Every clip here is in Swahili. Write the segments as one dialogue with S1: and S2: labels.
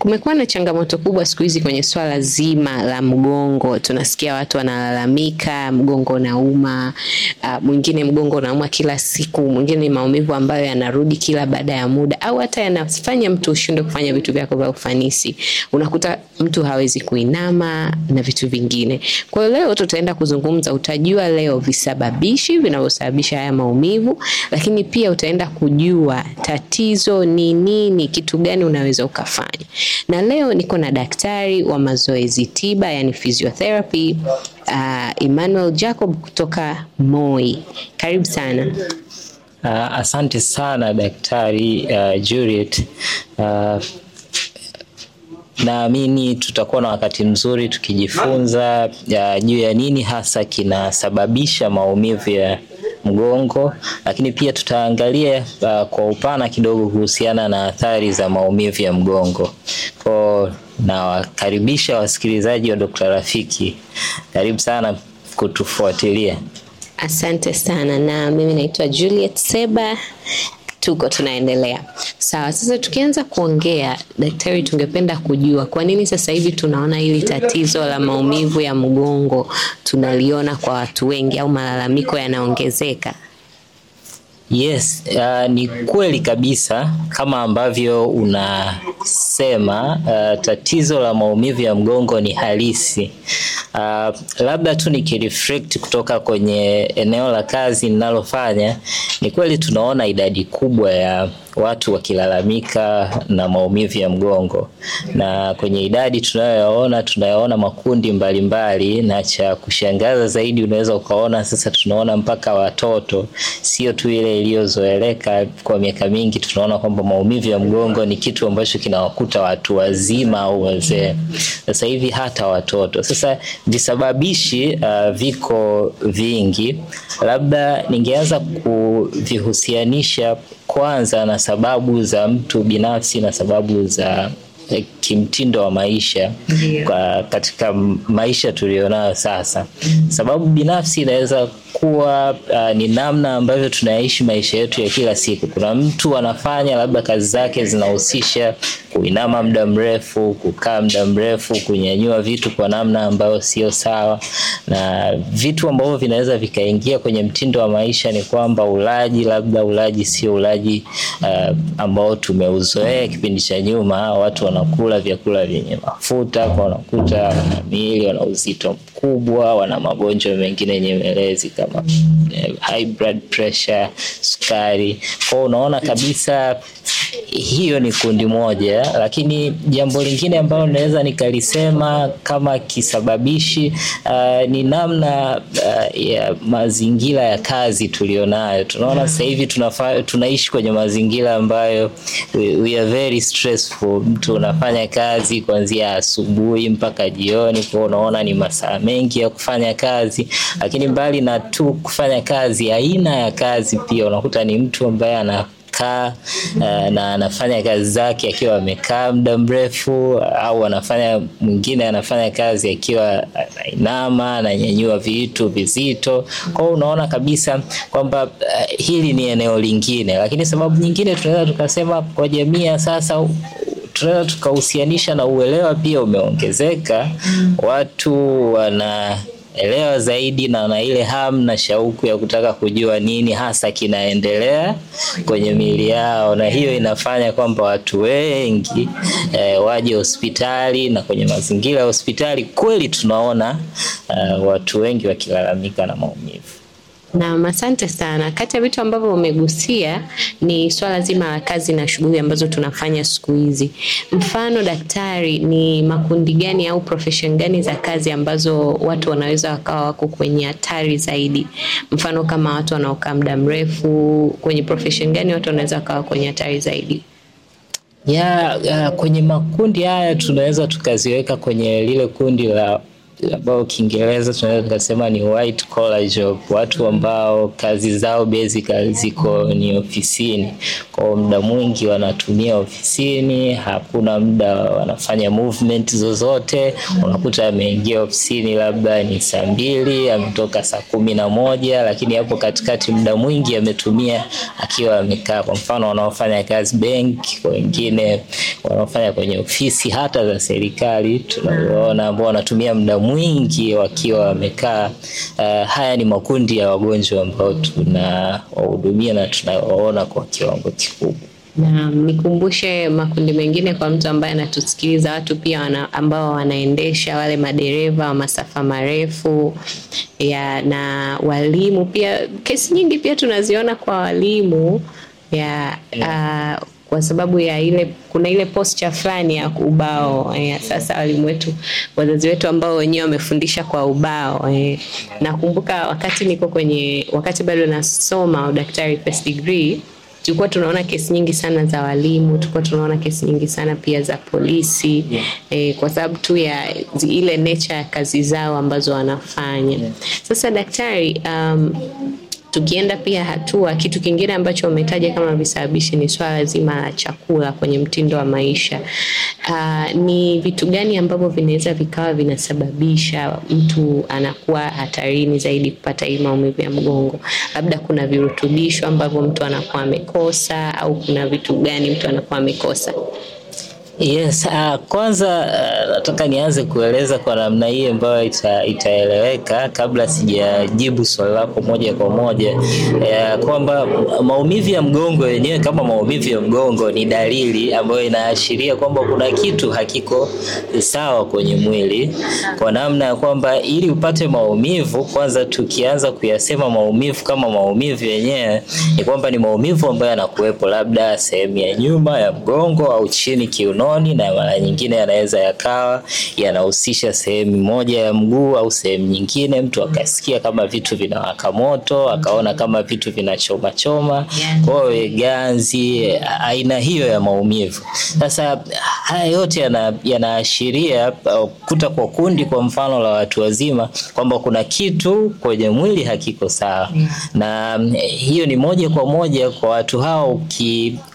S1: Kumekuwa na changamoto kubwa siku hizi kwenye swala zima la mgongo. Tunasikia watu wanalalamika mgongo unauma, uh, mwingine mgongo unauma kila siku, mwingine ni maumivu ambayo yanarudi kila baada ya muda, au hata yanafanya mtu ushindwe kufanya vitu vyako vya ufanisi. Unakuta mtu hawezi kuinama na vitu vingine. Kwa hiyo leo tutaenda kuzungumza, utajua leo visababishi vinavyosababisha haya maumivu, lakini pia utaenda kujua tatizo ni nini, kitu gani unaweza ukafanya na leo niko na daktari wa mazoezi tiba, yani physiotherapy uh, Emmanuel Jacob kutoka Moi. Karibu sana. Uh, asante sana daktari
S2: uh, Juliet uh, naamini tutakuwa na wakati mzuri tukijifunza uh, juu ya nini hasa kinasababisha maumivu ya mgongo, lakini pia tutaangalia uh, kwa upana kidogo kuhusiana na athari za maumivu ya mgongo. Kwa nawakaribisha wasikilizaji wa Dr. Rafiki, karibu sana kutufuatilia.
S1: Asante sana, na mimi naitwa Juliet Seba tuko tunaendelea sawa. Sasa tukianza kuongea, daktari, tungependa kujua kwa nini sasa hivi tunaona hili tatizo la maumivu ya mgongo tunaliona kwa watu wengi au malalamiko yanaongezeka?
S2: Yes, uh, ni kweli kabisa kama ambavyo unasema. Uh, tatizo la maumivu ya mgongo ni halisi. Uh, labda tu nikireflect kutoka kwenye eneo la kazi ninalofanya, ni kweli tunaona idadi kubwa ya watu wakilalamika na maumivu ya mgongo, na kwenye idadi tunayoyaona, tunayaona makundi mbalimbali mbali, na cha kushangaza zaidi unaweza ukaona sasa tunaona mpaka watoto, sio tu ile iliyozoeleka kwa miaka mingi, tunaona kwamba maumivu ya mgongo ni kitu ambacho kinawakuta watu wazima au wazee, sasa hivi hata watoto. Sasa visababishi uh, viko vingi, labda ningeanza kuvihusianisha kwanza na sababu za mtu binafsi na sababu za eh, kimtindo wa maisha yeah. Kwa katika maisha tuliyonayo sasa, mm. sababu binafsi inaweza kuwa uh, ni namna ambavyo tunaishi maisha yetu ya kila siku. Kuna mtu anafanya labda kazi zake zinahusisha kuinama muda mrefu, kukaa muda mrefu, kunyanyua vitu kwa namna ambayo sio sawa, na vitu ambavyo vinaweza vikaingia kwenye mtindo wa maisha ni kwamba ulaji, labda ulaji sio ulaji uh, ambao tumeuzoea kipindi cha nyuma. Watu wanakula vyakula vyenye mafuta, kwa wanakuta wana miili, wana uzito mkubwa, wana magonjwa mengine nyemelezi kama eh, high blood pressure, sukari. Kwa unaona kabisa hiyo ni kundi moja, lakini jambo lingine ambalo naweza nikalisema kama kisababishi uh, ni namna uh, ya mazingira ya kazi tulionayo. Tunaona sasa hivi tunaishi kwenye mazingira ambayo we, we are very stressful. Mtu unafanya kazi kuanzia asubuhi mpaka jioni, kwa unaona ni masaa mengi ya kufanya kazi, lakini mbali na watu kufanya kazi, aina ya kazi pia unakuta ni mtu ambaye ana eh, na anafanya kazi zake akiwa amekaa muda mrefu, au anafanya mwingine anafanya kazi akiwa anainama, ananyanyua vitu vizito. Kwa hiyo unaona kabisa kwamba uh, hili ni eneo lingine, lakini sababu nyingine tunaweza tukasema kwa jamii sasa tunaweza tukahusianisha na uelewa pia umeongezeka, watu wana elewa zaidi na na ile hamu na shauku ya kutaka kujua nini hasa kinaendelea kwenye miili yao, na hiyo inafanya kwamba watu wengi eh, waje hospitali na kwenye mazingira ya hospitali kweli tunaona eh, watu wengi wakilalamika na maumivu.
S1: Naam, asante sana. Kati ya vitu ambavyo umegusia ni swala zima la kazi na shughuli ambazo tunafanya siku hizi. Mfano, daktari, ni makundi gani au profession gani za kazi ambazo watu wanaweza wakawa wako kwenye hatari zaidi? Mfano kama watu wanaokaa muda mrefu, kwenye profession gani watu wanaweza wakawa kwenye hatari zaidi?
S2: ya, uh, kwenye makundi haya tunaweza tukaziweka kwenye lile kundi la ambao Kiingereza tunaweza tukasema ni white collar job, watu ambao kazi zao basically ziko ni ofisini. Kwa muda mwingi wanatumia ofisini, hakuna muda wanafanya movement zozote. Unakuta ameingia ofisini labda ni saa mbili, ametoka saa kumi na moja, lakini hapo katikati muda mwingi ametumia akiwa amekaa. Kwa mfano wanaofanya kazi benki, wengine wanaofanya kwenye ofisi hata za serikali tunaona ambao wanatumia muda mwingi mwingi wakiwa wamekaa. Uh, haya ni makundi ya wagonjwa ambao tunawahudumia na tunawaona kwa kiwango kikubwa.
S1: Na nikumbushe makundi mengine kwa mtu ambaye anatusikiliza, watu pia wana, ambao wanaendesha wale madereva wa masafa marefu ya, na walimu pia, kesi nyingi pia tunaziona kwa walimu ya yeah. uh, kwa sababu ya ile, kuna ile posture fulani ya ubao eh. Sasa walimu wetu, wazazi wetu ambao wenyewe wamefundisha kwa ubao eh. Nakumbuka wakati niko kwenye, wakati bado nasoma udaktari first degree tulikuwa tunaona kesi nyingi sana za walimu, tulikuwa tunaona kesi nyingi sana pia za polisi yeah. E, kwa sababu tu ya ile nature ya kazi zao ambazo wanafanya yeah. Sasa daktari um, Tukienda pia hatua, kitu kingine ambacho umetaja kama visababishi ni swala zima la chakula kwenye mtindo wa maisha. Uh, ni vitu gani ambavyo vinaweza vikawa vinasababisha mtu anakuwa hatarini zaidi kupata hii maumivu ya mgongo? Labda kuna virutubisho ambavyo mtu anakuwa amekosa, au kuna vitu gani mtu anakuwa amekosa? Yes, uh, kwanza ah, nataka uh, nianze kueleza
S2: kwa namna hii ambayo ita, itaeleweka kabla sijajibu swali lako moja kwa moja uh, kwamba maumivu ya mgongo yenyewe kama maumivu ya mgongo ni dalili ambayo inaashiria kwamba kuna kitu hakiko sawa kwenye mwili, kwa namna ya kwamba ili upate maumivu, kwanza tukianza kuyasema maumivu kama maumivu yenyewe ni kwamba ni maumivu ambayo yanakuwepo labda sehemu ya nyuma ya mgongo au chini kiuno miguuni na mara nyingine yanaweza yakawa yanahusisha sehemu moja ya mguu au sehemu nyingine, mtu mm. akasikia kama vitu vinawaka moto, akaona kama vitu vinachoma choma, kwa hiyo ganzi, aina hiyo ya maumivu. Sasa haya yote yanaashiria yana uh, kuta kwa kundi, kwa mfano la watu wazima, kwamba kuna kitu kwenye mwili hakiko sawa mm. na um, hiyo ni moja kwa moja kwa watu hao,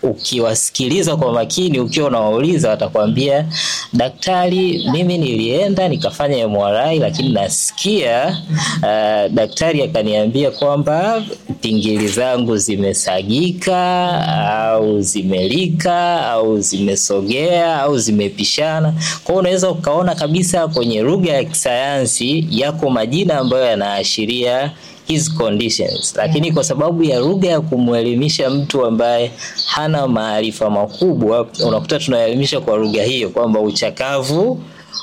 S2: ukiwasikiliza uki kwa makini, ukiwa unawauliza ukiuliza watakwambia daktari, mimi nilienda nikafanya MRI, lakini nasikia uh, daktari akaniambia kwamba pingili zangu zimesagika au zimelika au zimesogea au zimepishana. Kwa hiyo unaweza ukaona kabisa kwenye lugha ya kisayansi yako majina ambayo yanaashiria his mm-hmm. conditions, lakini kwa sababu ya lugha ya kumwelimisha mtu ambaye hana maarifa makubwa, unakuta tunaelimisha kwa lugha hiyo kwamba uchakavu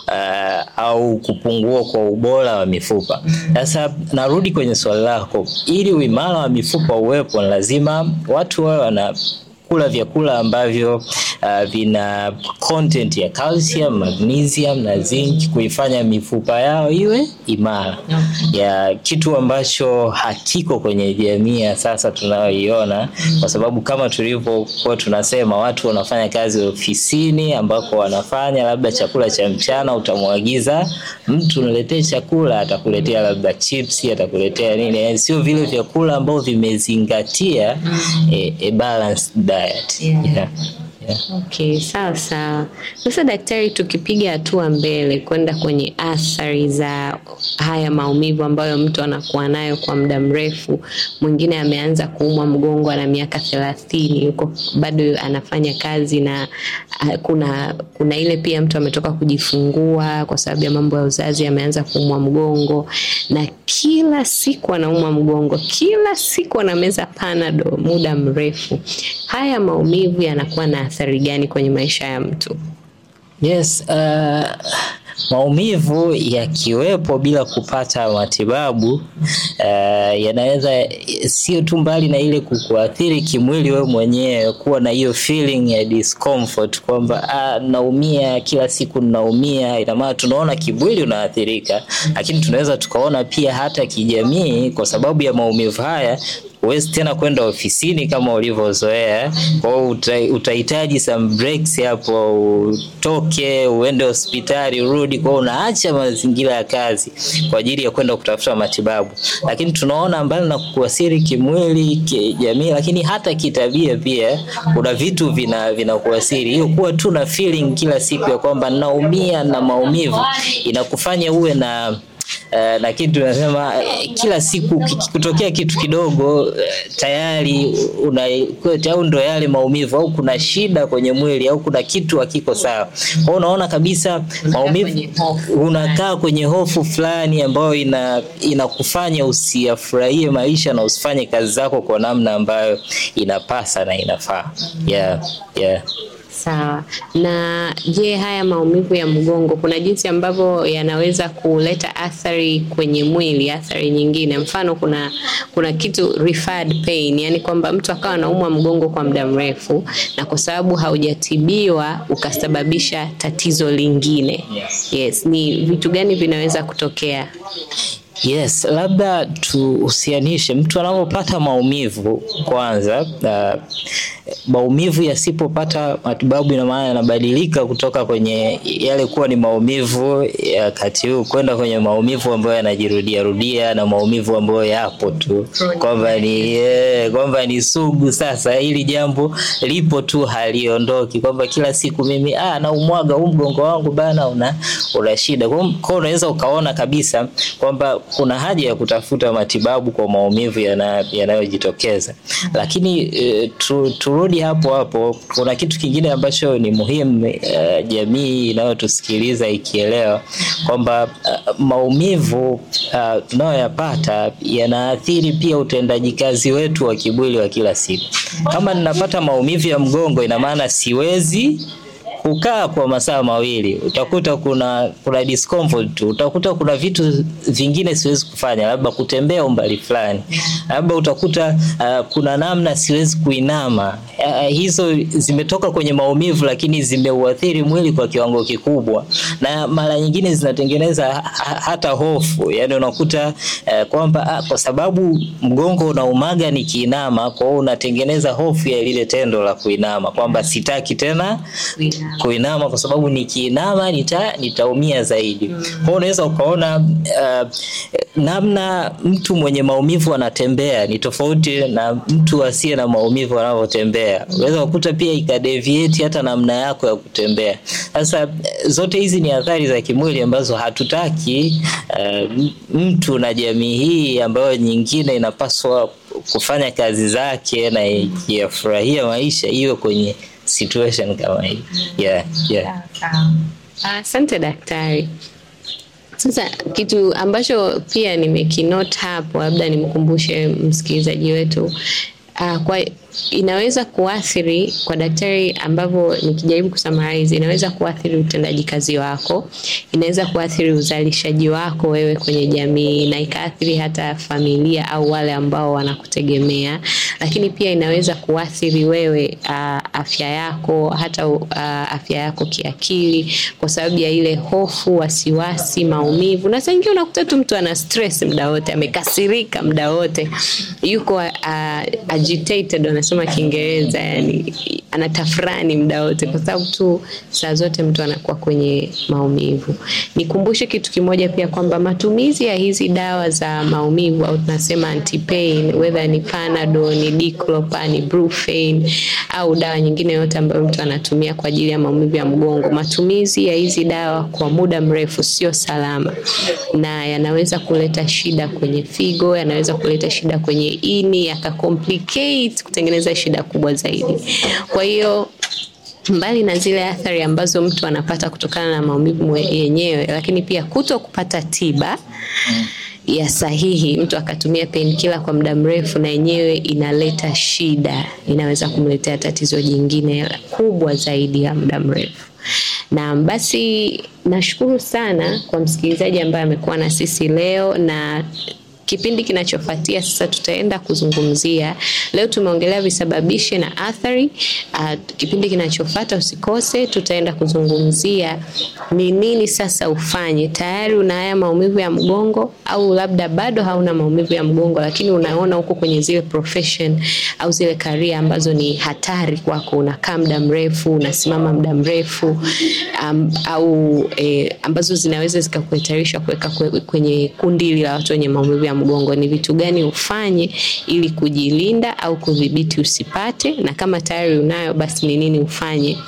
S2: Uh, au kupungua kwa ubora wa mifupa. Mm-hmm. Sasa narudi kwenye swali lako, ili uimara wa mifupa uwepo, ni lazima watu wawe wana kula vyakula ambavyo uh, vina content ya calcium, magnesium na zinc kuifanya mifupa yao iwe imara ya kitu ambacho hakiko kwenye jamii ya sasa tunayoiona, mm. kwa sababu kama tulivyokuwa tunasema watu wanafanya kazi ofisini ambako wanafanya labda chakula cha mchana, utamwagiza mtu niletee chakula, atakuletea labda chipsi, atakuletea nini, sio vile vyakula ambao vimezingatia e, e balance Yeah.
S1: Yeah. Okay, sawa sawa. Sasa daktari, tukipiga hatua mbele kwenda kwenye athari za haya maumivu ambayo mtu anakuwa nayo kwa muda mrefu, mwingine ameanza kuumwa mgongo ana miaka thelathini, yuko bado anafanya kazi na uh, kuna kuna ile pia mtu ametoka kujifungua kwa sababu ya mambo ya uzazi ameanza kuumwa mgongo na kila siku anaumwa mgongo, kila siku anameza panado muda mrefu, haya maumivu yanakuwa na athari gani kwenye maisha ya mtu? Yes, uh,
S2: maumivu yakiwepo bila kupata matibabu uh, yanaweza sio tu mbali na ile kukuathiri kimwili wewe mwenyewe, kuwa na hiyo feeling ya discomfort kwamba ah, naumia kila siku, naumia. Ina maana tunaona kimwili unaathirika, lakini tunaweza tukaona pia hata kijamii, kwa sababu ya maumivu haya huwezi tena kwenda ofisini kama ulivyozoea. Kwa hiyo utahitaji some breaks hapo, utoke uende hospitali urudi. Kwa hiyo unaacha mazingira ya kazi kwa ajili ya kwenda kutafuta matibabu, lakini tunaona mbali na kuathiri kimwili, kijamii, lakini hata kitabia pia kuna vitu vina vinakuathiri. Hiyo kuwa tu na feeling kila siku ya kwamba naumia na maumivu inakufanya uwe na uh, eh, lakini tunasema uh, eh, kila siku kutokea kitu kidogo uh, tayari au ndo yale maumivu au kuna shida kwenye mwili au kuna kitu hakiko sawa. Kwa unaona kabisa maumivu, unakaa kwenye hofu fulani ambayo ina inakufanya usiyafurahie maisha na usifanye kazi zako kwa namna ambayo inapasa na inafaa. Yeah, yeah.
S1: Sawa. Na je, haya maumivu ya mgongo kuna jinsi ambavyo yanaweza kuleta athari kwenye mwili, athari nyingine? Mfano, kuna kuna kitu referred pain, yani kwamba mtu akawa anaumwa mgongo kwa muda mrefu na kwa sababu haujatibiwa ukasababisha tatizo lingine. Yes. Yes, ni vitu gani vinaweza kutokea? Yes, labda tuhusianishe mtu
S2: anapopata maumivu kwanza. Uh, maumivu yasipopata matibabu, ina maana yanabadilika kutoka kwenye yale kuwa ni maumivu ya kati huu kwenda kwenye maumivu ambayo yanajirudia rudia na maumivu ambayo yapo tu kwamba ni eh, kwamba ni sugu. Sasa hili jambo lipo tu haliondoki, kwamba kila siku mimi ah, naumwaga huu mgongo wangu bana, una una shida hiyo Unaweza ukaona kabisa kwamba kuna haja ya kutafuta matibabu kwa maumivu yanayojitokeza na, hmm. lakini e, tu, turudi hapo hapo. Kuna kitu kingine ambacho ni muhimu e, jamii inayotusikiliza ikielewa kwamba eh, maumivu tunayoyapata yanaathiri pia utendaji kazi wetu wa kimwili wa kila siku. Kama ninapata maumivu ya mgongo, ina maana siwezi kukaa kwa masaa mawili utakuta kuna, kuna discomfort utakuta kuna vitu vingine siwezi kufanya, labda kutembea umbali fulani, labda utakuta uh, kuna namna siwezi kuinama. Uh, uh hizo zimetoka kwenye maumivu, lakini zimeuathiri mwili kwa kiwango kikubwa, na mara nyingine zinatengeneza hata hofu, yani unakuta uh, kwamba uh, kwa sababu mgongo unaumaga nikiinama, kwa hiyo unatengeneza hofu ya lile tendo la kuinama kwamba sitaki tena kuinama, kwa sababu nikiinama nita, nitaumia zaidi. Mm. Kwa hiyo unaweza ukaona uh, namna mtu mwenye maumivu anatembea ni tofauti na mtu asiye na maumivu anavyotembea. Unaweza kukuta pia ikadeviate hata namna yako ya kutembea. Sasa zote hizi ni athari za kimwili ambazo hatutaki uh, mtu na jamii hii ambayo nyingine inapaswa kufanya kazi zake na ikiyafurahia maisha, iwe kwenye situation kama hii. Yeah, yeah.
S1: Ah, ah, asante daktari. Sasa kitu ambacho pia nimekinote hapo, labda nimkumbushe msikilizaji wetu uh, kwa inaweza kuathiri kwa daktari, ambavyo nikijaribu kusummarize, inaweza kuathiri utendaji kazi wako, inaweza kuathiri uzalishaji wako wewe kwenye jamii, na ikaathiri hata familia au wale ambao wanakutegemea, lakini pia inaweza kuathiri wewe uh, afya yako hata uh, afya yako kiakili, kwa sababu ya ile hofu, wasiwasi, maumivu, na saa nyingine unakuta tu mtu ana stress muda wote, amekasirika muda wote, yuko uh, agitated anasoma Kiingereza, yani anatafurani muda wote, kwa sababu tu saa zote mtu anakuwa kwenye maumivu. Nikumbushe kitu kimoja pia kwamba matumizi ya hizi dawa za maumivu au tunasema antipain, whether ni panado, ni Diclofenac, ni Brufen au dawa nyingine yote ambayo mtu anatumia kwa ajili ya maumivu ya mgongo, matumizi ya hizi dawa kwa muda mrefu sio salama, na yanaweza kuleta shida kwenye figo, yanaweza kuleta shida kwenye ini, yakacomplicate kutengeneza kutengeneza shida kubwa zaidi. Kwa hiyo mbali na zile athari ambazo mtu anapata kutokana na maumivu yenyewe, lakini pia kuto kupata tiba ya sahihi, mtu akatumia painkiller kwa muda mrefu, na yenyewe inaleta shida, inaweza kumletea tatizo jingine kubwa zaidi ya muda mrefu. Na basi nashukuru sana kwa msikilizaji ambaye amekuwa na sisi leo na Kipindi kinachofuatia sasa tutaenda kuzungumzia, leo tumeongelea visababishi na athari. Uh, kipindi kinachofuata usikose, tutaenda kuzungumzia ni nini sasa ufanye. Tayari una haya maumivu ya mgongo, au labda bado hauna maumivu ya mgongo, lakini unaona huko kwenye zile profession au zile karia ambazo ni hatari kwako, unakaa muda mrefu, unasimama muda mrefu um, au eh, ambazo zinaweza zikakuhatarisha kuweka kwenye kundi la watu wenye maumivu ya mgongo mgongo, ni vitu gani ufanye ili kujilinda au kudhibiti usipate, na kama tayari unayo, basi ni nini ufanye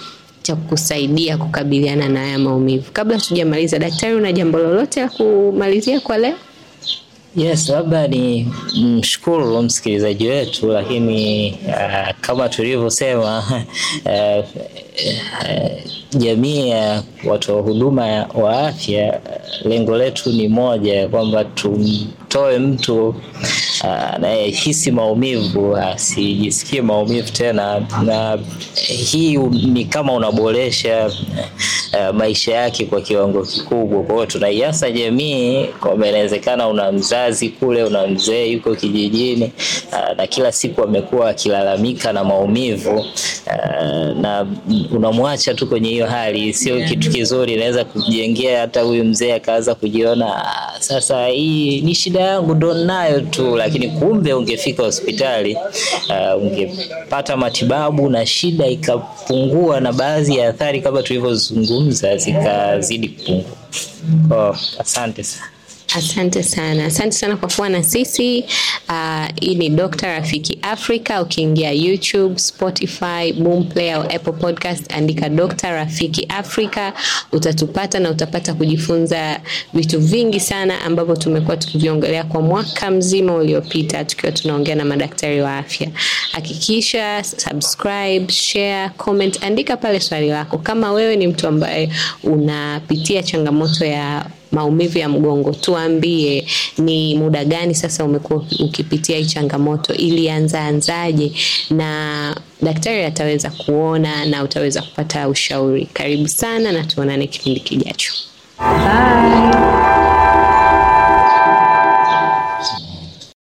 S1: cha kusaidia kukabiliana na haya maumivu. Kabla hatujamaliza, daktari, una jambo lolote la kumalizia kwa leo?
S2: Yes, labda ni mshukuru msikilizaji wetu, lakini uh, kama tulivyosema uh, uh, jamii ya watoa huduma wa afya, lengo letu ni moja, kwamba tumtoe mtu anayehisi uh, maumivu asijisikie uh, maumivu tena, na hii ni kama unaboresha uh, uh, maisha yake kwa kiwango kikubwa. Kwa hiyo tunaiasa jamii kwamba inawezekana una mzazi kule, una mzee yuko kijijini uh, na kila siku amekuwa akilalamika na maumivu uh, na unamwacha tu kwenye hiyo hali, sio kitu kizuri. Inaweza kujengea hata huyu mzee akaanza kujiona sasa hii ni shida yangu ndo nayo tu, lakini kumbe ungefika hospitali uh, ungepata matibabu na shida ikapungua, na baadhi ya athari kama tulivyozungumza zikazidi kupungua. Oh,
S1: asante sana. Asante sana, asante sana kwa kuwa na sisi. Uh, hii ni Dr. Rafiki Africa. Ukiingia YouTube, Spotify, Boomplay au Apple Podcast, andika Dr. Rafiki Africa utatupata na utapata kujifunza vitu vingi sana ambavyo tumekuwa tukiviongelea kwa mwaka mzima uliopita, tukiwa tunaongea na madaktari wa afya. Hakikisha subscribe, share, comment, andika pale swali lako, kama wewe ni mtu ambaye unapitia changamoto ya maumivu ya mgongo, tuambie ni muda gani sasa umekuwa ukipitia hii changamoto, ilianza anzaje, na daktari ataweza kuona na utaweza kupata ushauri. Karibu sana na tuonane kipindi kijacho. Bye.